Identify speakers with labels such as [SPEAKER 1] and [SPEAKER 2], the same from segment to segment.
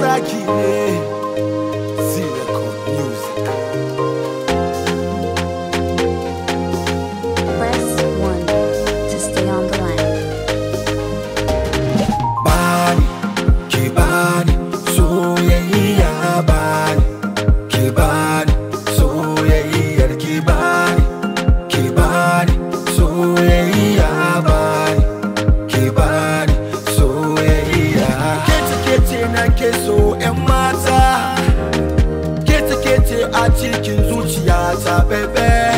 [SPEAKER 1] zaki ne eh. so 'yan mata kete-kete a cikin zuciya ta bebe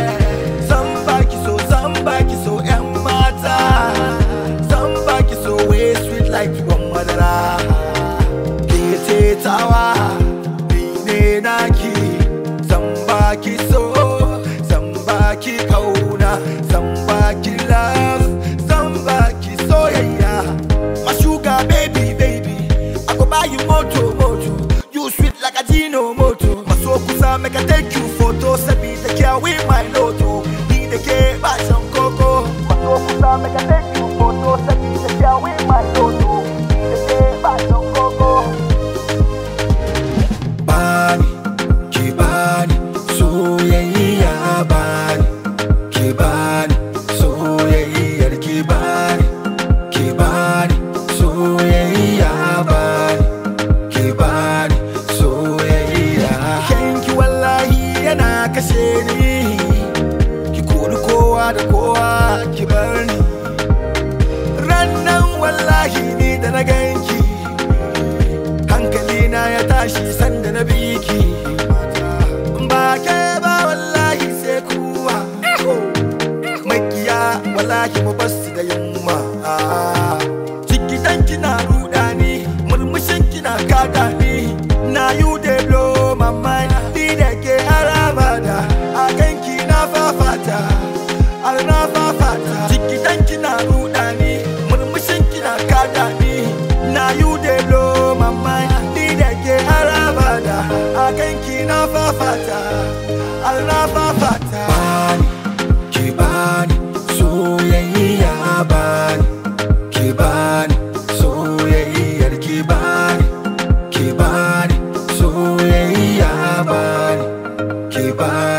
[SPEAKER 1] buy you moto, moto. You sweet like a Gino moto. My soul make a take you photo. Sabi, take care, we da kowa ki bar ni rannan wallahi ni da na ganki hankali na ya tashi sai ta jikitan kina ruda ni murmushin kina kada ni na you dey blow ni da ke harabada akan ki na fafata Allah fafata bani ki bani soyayya bani ki bani soyayyar ki bani ki bani soyayya bani ki bani